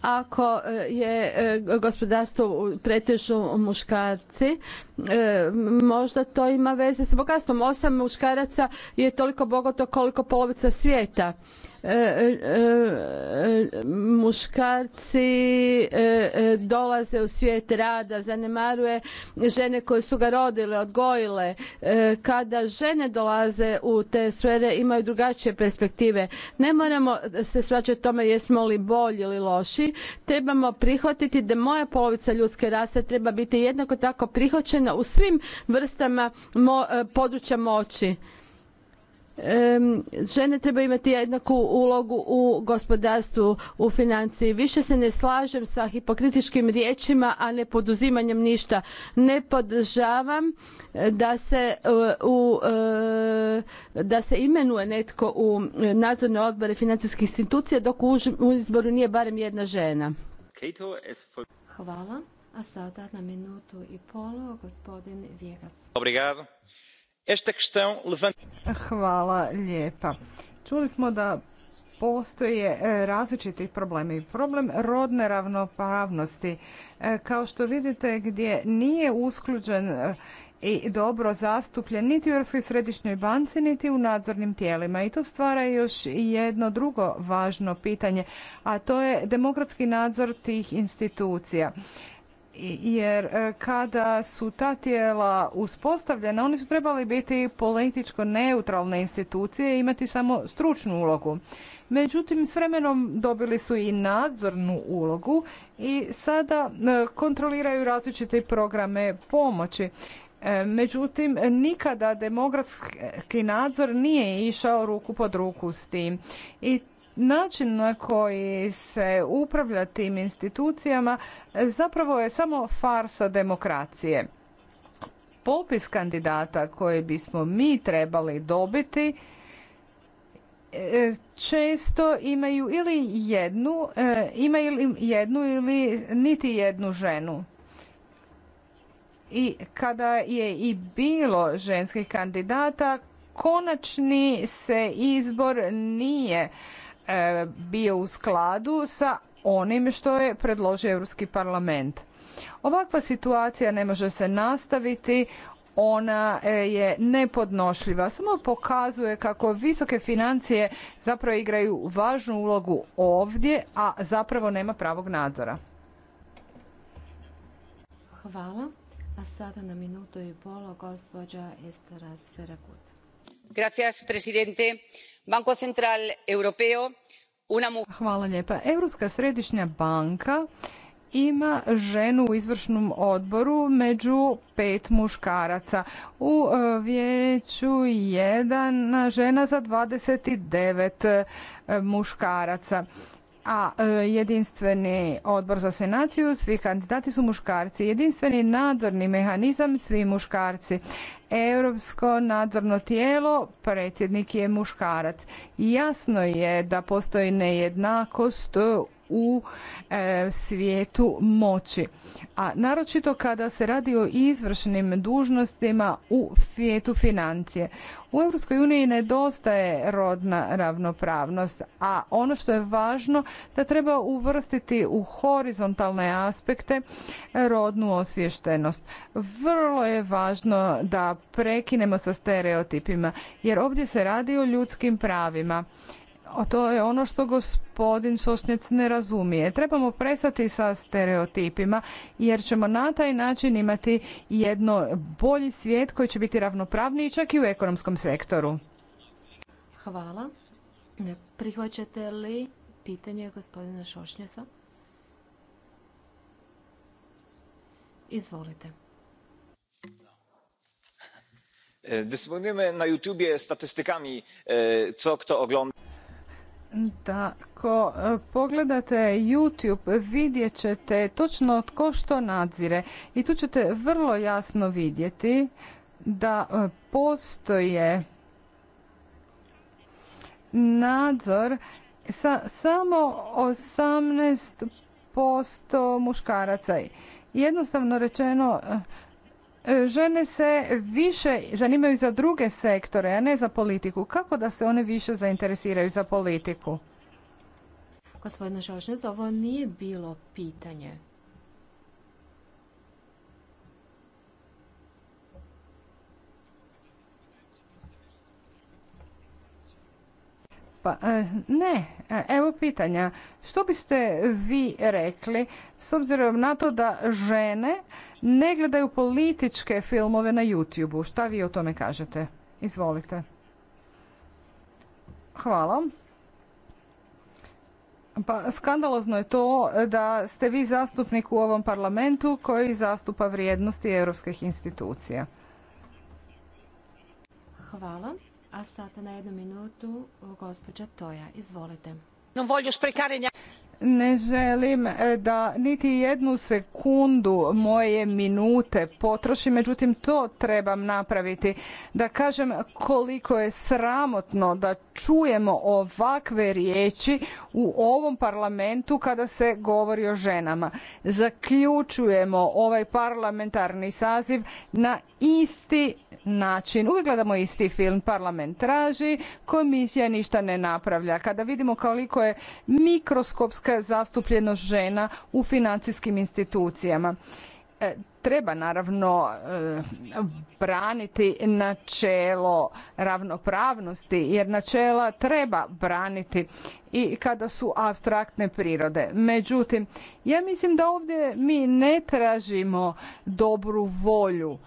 S2: Ako je gospodarstvo pretežu muškarci, e, možda to ima veze sa bogatstvom. Osam muškaraca je toliko bogato koliko polovica svijeta E, e, e, muškarci dolaze u svijet rada, zanemaruje žene koje su ga rodile, odgojile. Kada žene dolaze u te sfere imaju drugačije perspektive. Ne moramo se svačati tome jesmo li bolji ili loši. Trebamo prihvatiti da moja polovica ljudske rase treba biti jednako tako prihvaćena u svim vrstama područja moći žene trebaju imati jednaku ulogu u gospodarstvu, u financiji. Više se ne slažem sa hipokritičkim riječima, a ne poduzimanjem ništa. Ne podržavam eh, da se, eh, u, eh, da se imenuje netko u nadzorne odbore financijskih institucija dok u izboru nije barem jedna žena.
S4: Hvala. A sada na minutu i polo gospodin Vjegas.
S3: Obrigado
S1: Čuli smo da postoje e, različiti problemi. Problem rodne ravnopravnosti, e, kao što vidite, gdje nije uskluđen e, i dobro zastupljen niti u Europskoj središnjoj banci, niti u nadzornim tijelima. I to stvara još jedno drugo važno pitanje, a to je demokratski nadzor tih institucija jer e, kada su ta tijela uspostavljena, oni su trebali biti političko neutralne institucije i imati samo stručnu ulogu. Međutim, s vremenom dobili su i nadzornu ulogu i sada e, kontroliraju različite programe pomoći. E, međutim, nikada demokratski nadzor nije išao ruku pod ruku s tim. I način na koji se upravlja tim institucijama zapravo je samo farsa demokracije. Popis kandidata koje bismo mi trebali dobiti e, često imaju ili jednu, e, ima ili jednu ili niti jednu ženu. I kada je i bilo ženskih kandidata, konačni se izbor nije E, bio u skladu sa onim što je predložio Europski parlament. Ovakva situacija ne može se nastaviti, ona e, je nepodnošljiva. Samo pokazuje kako visoke financije zapravo igraju važnu ulogu ovdje, a zapravo nema pravog nadzora.
S4: Hvala. A sada na minutu i polo gospođa Estera
S2: gospodine predsjedniče banko central europeo
S1: hvala lijepa europska središnja banka ima ženu u izvršnom odboru među pet muškaraca u e, vijeću jedan žena za dvadeset devet e, muškaraca a e, jedinstveni odbor za senaciju, svi kandidati su muškarci. Jedinstveni nadzorni mehanizam, svi muškarci. Europsko nadzorno tijelo, predsjednik je muškarac. Jasno je da postoji nejednakost u e, svijetu moći. A naročito kada se radi o izvršnim dužnostima u svijetu financije. U Europskoj uniji nedostaje rodna ravnopravnost, a ono što je važno da treba uvrstiti u horizontalne aspekte rodnu osviještenost. Vrlo je važno da prekinemo sa stereotipima jer ovdje se radi o ljudskim pravima. A to je ono što gospodin Sosnjec ne razumije. Trebamo prestati sa stereotipima jer ćemo na taj način imati jedno bolji svijet koji će biti ravnopravniji čak i u ekonomskom sektoru.
S4: Hvala. Prihvaćate li pitanje gospodina Šošnjesa?
S1: Izvolite.
S3: E, dysponujemy na YouTubie statystykami, e, co kto ogląda
S1: da e, pogledate YouTube vidjet ćete točno tko što nadzire i tu ćete vrlo jasno vidjeti da e, postoje nadzor sa samo 18% muškaraca. Jednostavno rečeno e, E, žene se više zanimaju za druge sektore, a ne za politiku. Kako da se one više zainteresiraju za politiku?
S4: Gospodina Šošnjez, ovo nije bilo pitanje.
S1: Pa Ne, e, evo pitanja. Što biste vi rekli s obzirom na to da žene ne gledaju političke filmove na YouTube-u? Šta vi o tome kažete? Izvolite. Hvala. Pa skandalozno je to da ste vi zastupnik u ovom parlamentu koji zastupa vrijednosti europskih institucija.
S4: Hvala. A na jednu minutu gospođa Toja. Izvolite.
S1: Ne želim e, da niti jednu sekundu moje minute potrošim, međutim to trebam napraviti. Da kažem koliko je sramotno da čujemo ovakve riječi u ovom parlamentu kada se govori o ženama. Zaključujemo ovaj parlamentarni saziv na isti način. Uvijek gledamo isti film. Parlament traži, komisija ništa ne napravlja. Kada vidimo koliko je mikroskopska zastupljenost žena u financijskim institucijama. E, treba naravno e, braniti načelo ravnopravnosti jer načela treba braniti i kada su abstraktne prirode. Međutim, ja mislim da ovdje mi ne tražimo dobru volju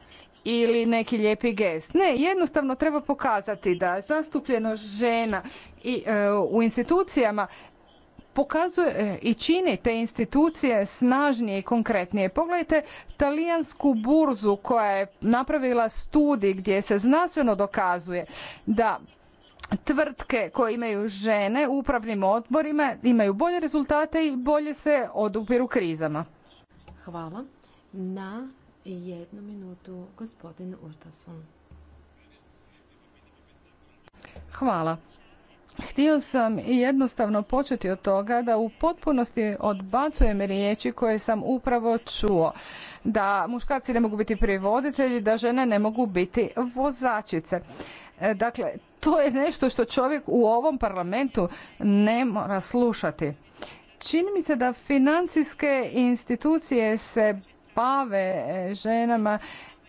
S1: ili neki lijepi gest. Ne, jednostavno treba pokazati da zastupljenost žena i, e, u institucijama pokazuje e, i čini te institucije snažnije i konkretnije. Pogledajte talijansku burzu koja je napravila studij gdje se znanstveno dokazuje da tvrtke koje imaju žene u upravnim odborima imaju bolje rezultate i bolje se odupiru krizama. Hvala.
S4: Na jednu minutu gospodin Urtasun.
S1: Hvala. Htio sam i jednostavno početi od toga da u potpunosti odbacujem riječi koje sam upravo čuo. Da muškarci ne mogu biti privoditelji, da žene ne mogu biti vozačice. E, dakle, to je nešto što čovjek u ovom parlamentu ne mora slušati. Čini mi se da financijske institucije se bave e, ženama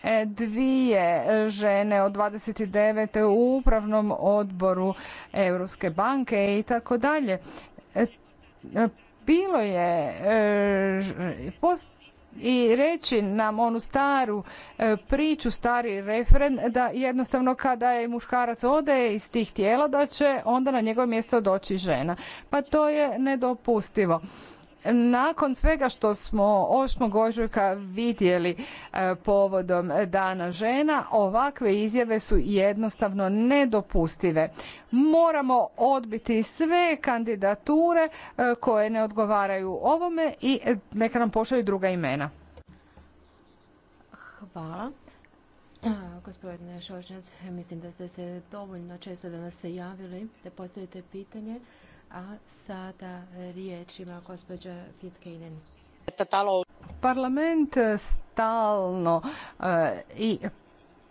S1: e, dvije žene od 29. u upravnom odboru Europske banke i tako dalje. E, bilo je i reći nam onu staru priču, stari refren da jednostavno kada je muškarac ode iz tih tijela da će onda na njegovo mjesto doći žena. Pa to je nedopustivo. Nakon svega što smo 8. ožujka vidjeli e, povodom Dana žena, ovakve izjave su jednostavno nedopustive. Moramo odbiti sve kandidature e, koje ne odgovaraju ovome i neka nam pošalju druga imena.
S4: Hvala. Gospodine Šošnjac, mislim da ste se dovoljno često danas se javili da postavite pitanje. A sada riječ ima gospođa
S1: Parlament stalno e, i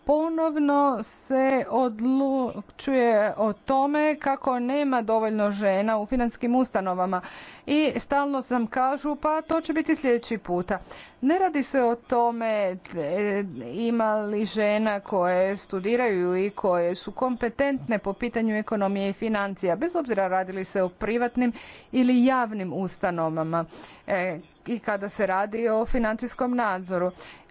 S1: ponovno se odlučuje o tome kako nema dovoljno žena u financijskim ustanovama i stalno sam kažu pa to će biti sljedeći puta. Ne radi se o tome e, ima li žena koje studiraju i koje su kompetentne po pitanju ekonomije i financija, bez obzira radili se o privatnim ili javnim ustanovama e, i kada se radi o financijskom nadzoru.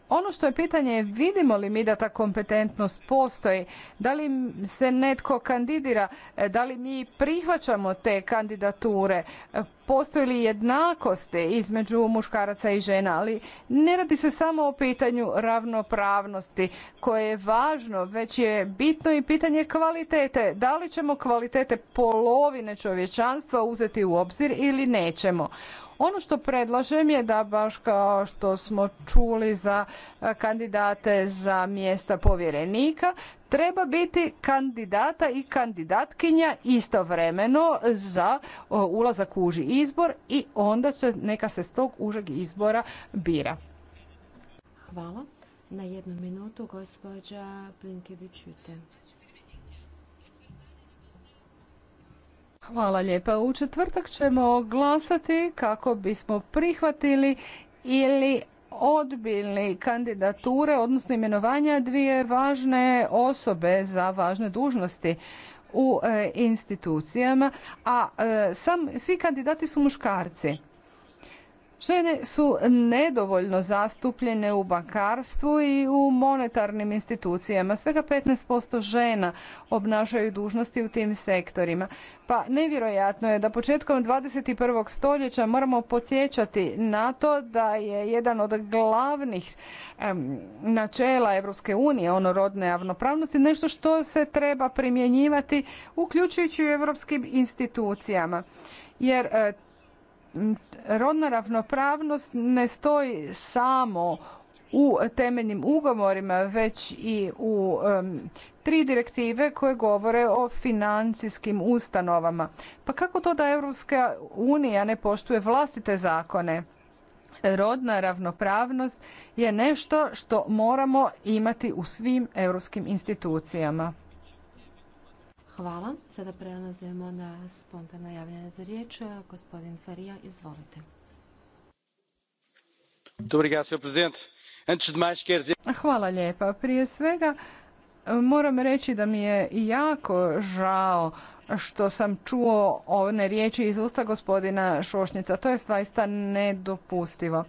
S1: Ono što je pitanje je vidimo li mi da ta kompetentnost postoji, da li se netko kandidira, e, da li mi prihvaćamo te kandidature, e, postoji li jednakosti između muškaraca i žena, ali ne radi se samo o pitanju ravnopravnosti koje je važno, već je bitno i pitanje kvalitete. Da li ćemo kvalitete polovine čovječanstva uzeti u obzir ili nećemo? Ono što predlažem je da baš kao što smo čuli za e, kandidate za mjesta povjerenika, treba biti kandidata i kandidatkinja istovremeno za ulazak u uži izbor i onda će neka se s tog užeg izbora bira.
S4: Hvala. Na jednu minutu gospođa plinkević
S1: Hvala lijepa. U četvrtak ćemo glasati kako bismo prihvatili ili odbili kandidature, odnosno imenovanja dvije važne osobe za važne dužnosti u e, institucijama, a e, sam, svi kandidati su muškarci. Žene su nedovoljno zastupljene u bankarstvu i u monetarnim institucijama. Svega 15% žena obnašaju dužnosti u tim sektorima. Pa nevjerojatno je da početkom 21. stoljeća moramo podsjećati na to da je jedan od glavnih načela Europske unije, ono rodne javnopravnosti nešto što se treba primjenjivati uključujući u europskim institucijama jer e, rodna ravnopravnost ne stoji samo u temeljnim ugovorima već i u tri direktive koje govore o financijskim ustanovama. Pa kako to da Europska unija ne poštuje vlastite zakone? Rodna ravnopravnost je nešto što moramo imati u svim europskim institucijama.
S4: Hvala. Sada prelazimo na spontano javljanje za riječ.
S1: Gospodin Farija, izvolite. Hvala lijepa. Prije svega moram reći da mi je jako žao što sam čuo one riječi iz usta gospodina Šošnjica. To je zaista nedopustivo.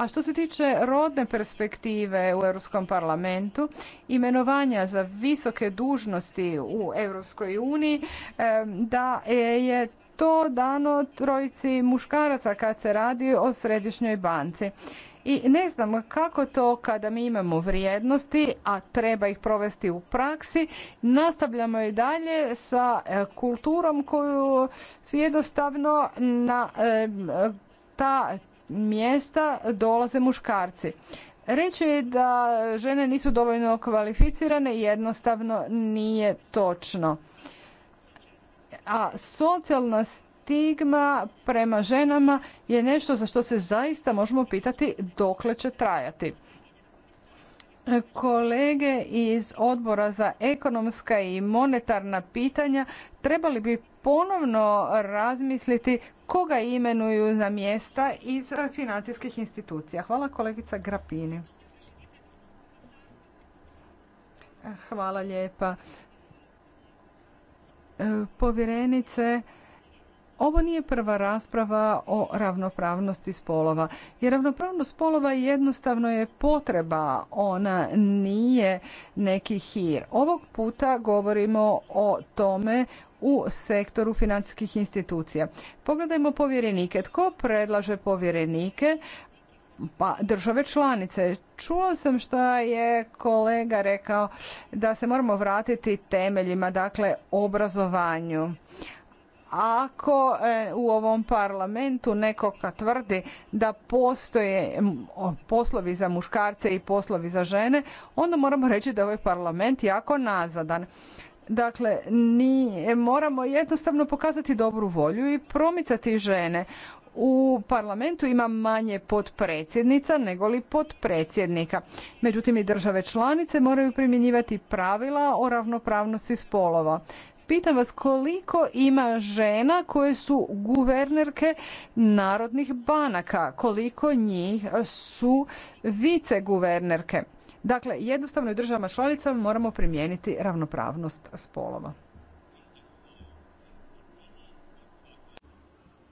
S1: A što se tiče rodne perspektive u Europskom parlamentu, imenovanja za visoke dužnosti u Europskoj uniji, da je to dano trojici muškaraca kad se radi o središnjoj banci. I ne znam kako to kada mi imamo vrijednosti, a treba ih provesti u praksi, nastavljamo i dalje sa e, kulturom koju su na ta mjesta dolaze muškarci. Reći je da žene nisu dovoljno kvalificirane jednostavno nije točno. A socijalna stigma prema ženama je nešto za što se zaista možemo pitati dokle će trajati. Kolege iz odbora za ekonomska i monetarna pitanja trebali bi ponovno razmisliti koga imenuju za mjesta iz financijskih institucija. Hvala kolegica Grapini. Hvala lijepa. Povjerenice, ovo nije prva rasprava o ravnopravnosti spolova. Jer ravnopravnost spolova jednostavno je potreba, ona nije neki hir. Ovog puta govorimo o tome u sektoru financijskih institucija. Pogledajmo povjerenike. Tko predlaže povjerenike? Pa države članice. Čula sam što je kolega rekao da se moramo vratiti temeljima, dakle obrazovanju ako e, u ovom parlamentu neko tvrdi da postoje poslovi za muškarce i poslovi za žene, onda moramo reći da je ovaj parlament jako nazadan. Dakle, ni, e, moramo jednostavno pokazati dobru volju i promicati žene. U parlamentu ima manje potpredsjednica nego li potpredsjednika. Međutim, i države članice moraju primjenjivati pravila o ravnopravnosti spolova. Pitam vas koliko ima žena koje su guvernerke narodnih banaka, koliko njih su viceguvernerke. Dakle, jednostavno u državama članicama moramo primijeniti ravnopravnost spolova.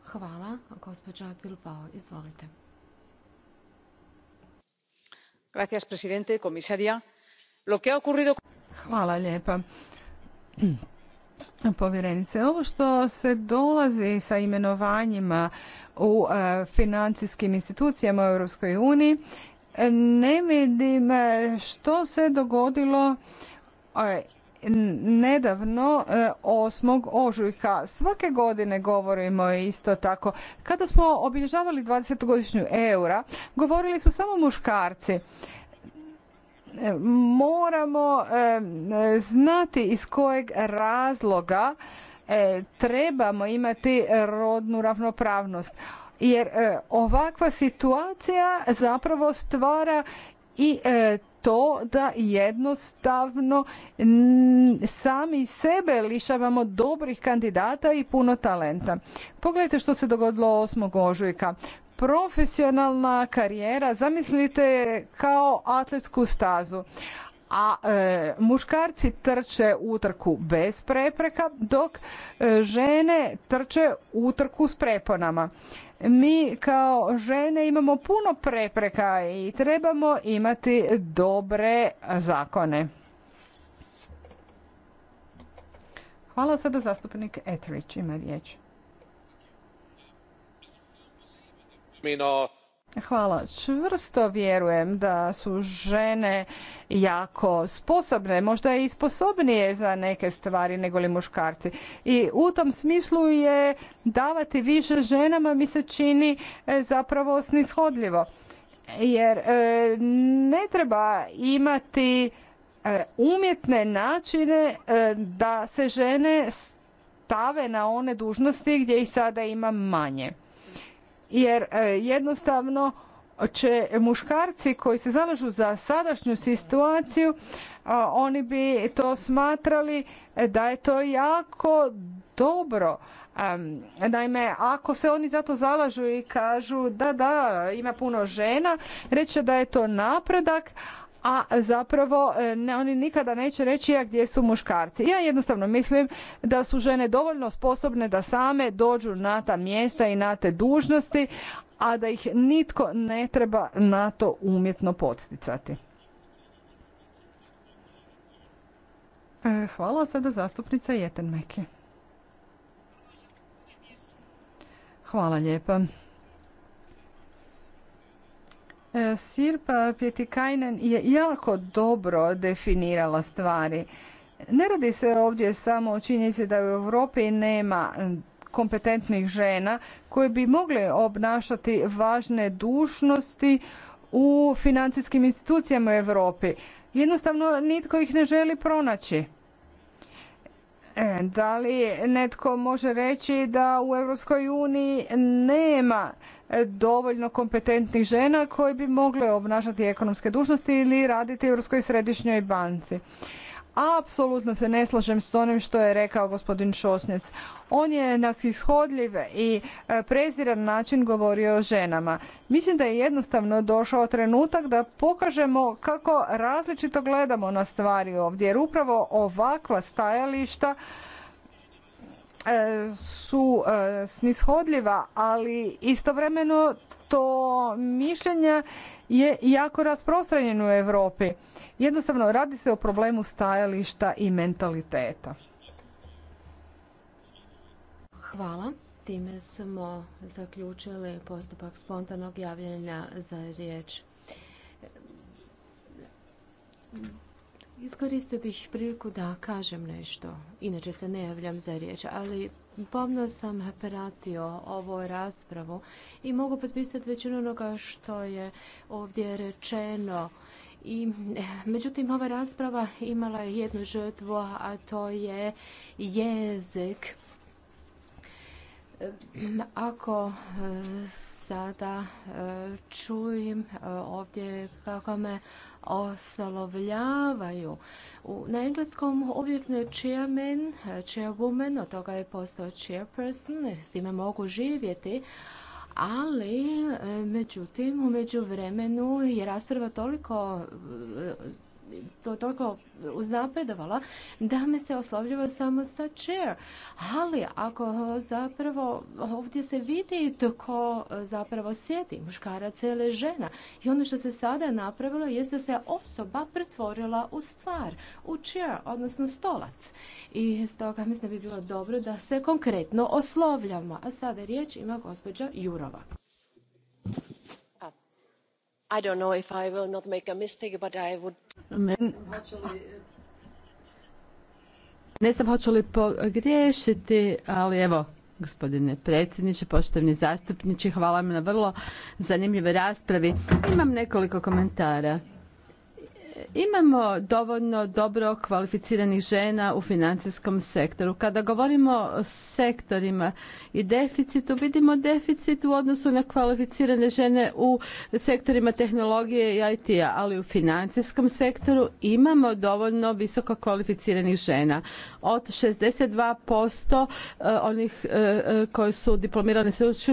S4: Hvala, gospođa Bilbao, izvolite.
S2: Gracias, presidente, komisarija. Lo
S1: Hvala lijepa povjerenice. Ovo što se dolazi sa imenovanjima u e, financijskim institucijama u Europskoj uniji, ne vidim e, što se dogodilo e, nedavno 8. ožujka. Svake godine govorimo isto tako. Kada smo obilježavali 20-godišnju eura, govorili su samo muškarci. E, moramo e, znati iz kojeg razloga e, trebamo imati rodnu ravnopravnost jer ovakva situacija zapravo stvara i to da jednostavno sami sebe lišavamo dobrih kandidata i puno talenta. Pogledajte što se dogodilo 8. ožujka profesionalna karijera zamislite kao atletsku stazu a e, muškarci trče utrku bez prepreka dok e, žene trče utrku s preponama mi kao žene imamo puno prepreka i trebamo imati dobre zakone hvala sada zastupnik Etrić ima riječ Hvala. Čvrsto vjerujem da su žene jako sposobne, možda i sposobnije za neke stvari nego li muškarci. I u tom smislu je davati više ženama mi se čini e, zapravo snishodljivo. Jer e, ne treba imati e, umjetne načine da se žene stave na one dužnosti gdje ih sada ima manje jer e, jednostavno će muškarci koji se zalažu za sadašnju situaciju, e, oni bi to smatrali e, da je to jako dobro. Naime, ako se oni zato zalažu i kažu da, da, ima puno žena, reće da je to napredak, a zapravo e, ne, oni nikada neće reći ja gdje su muškarci. Ja jednostavno mislim da su žene dovoljno sposobne da same dođu na ta mjesta i na te dužnosti, a da ih nitko ne treba na to umjetno podsticati. E, hvala sada zastupnica Jeten Hvala lijepa. E, Sirpa Pjetikajnen je jako dobro definirala stvari. Ne radi se ovdje samo o činjenici da u Europi nema kompetentnih žena koje bi mogle obnašati važne dužnosti u financijskim institucijama u Europi. Jednostavno nitko ih ne želi pronaći. E, da li netko može reći da u Europskoj uniji nema dovoljno kompetentnih žena koje bi mogle obnašati ekonomske dužnosti ili raditi u Europskoj središnjoj banci. Apsolutno se ne slažem s onim što je rekao gospodin Šosnjec. On je na ishodljiv i e, preziran način govorio o ženama. Mislim da je jednostavno došao trenutak da pokažemo kako različito gledamo na stvari ovdje, jer upravo ovakva stajališta E, su e, snishodljiva, ali istovremeno to mišljenje je jako rasprostranjeno u Europi. Jednostavno radi se o problemu stajališta i mentaliteta.
S4: Hvala. Time smo zaključili postupak spontanog javljanja za riječ. Iskoristio bih priliku da kažem nešto, inače se ne javljam za riječ, ali pomno sam pratio ovu raspravu i mogu potpisati većinu onoga što je ovdje rečeno. I, međutim, ova rasprava imala je jednu žrtvu, a to je jezik. Ako e, sada e, čujem e, ovdje kako me oslovljavaju. U, na engleskom uvijek ne chairman, chairwoman, od toga je postao chairperson, s time mogu živjeti, ali e, međutim u međuvremenu je rasprava toliko e, to toliko uznapredovala da me se oslovljava samo sa chair. Ali ako zapravo ovdje se vidi tko zapravo sjedi, muškarac ili žena. I ono što se sada napravilo jest da se osoba pretvorila u stvar, u chair, odnosno stolac. I stoga mislim da bi bilo dobro da se konkretno oslovljamo. A sada riječ ima gospođa Jurova i don't know if i will not make a mistake but i would
S2: ne, znam hoću li pogriješiti ali evo gospodine predsjedniče poštovani zastupniče hvala vam na vrlo zanimljivoj raspravi imam nekoliko komentara imamo dovoljno dobro kvalificiranih žena u financijskom sektoru. Kada govorimo o sektorima i deficitu, vidimo deficit u odnosu na kvalificirane žene u sektorima tehnologije i IT-a, ali u financijskom sektoru imamo dovoljno visoko kvalificiranih žena. Od 62% eh, onih eh, eh, koji su diplomirani sveučilištu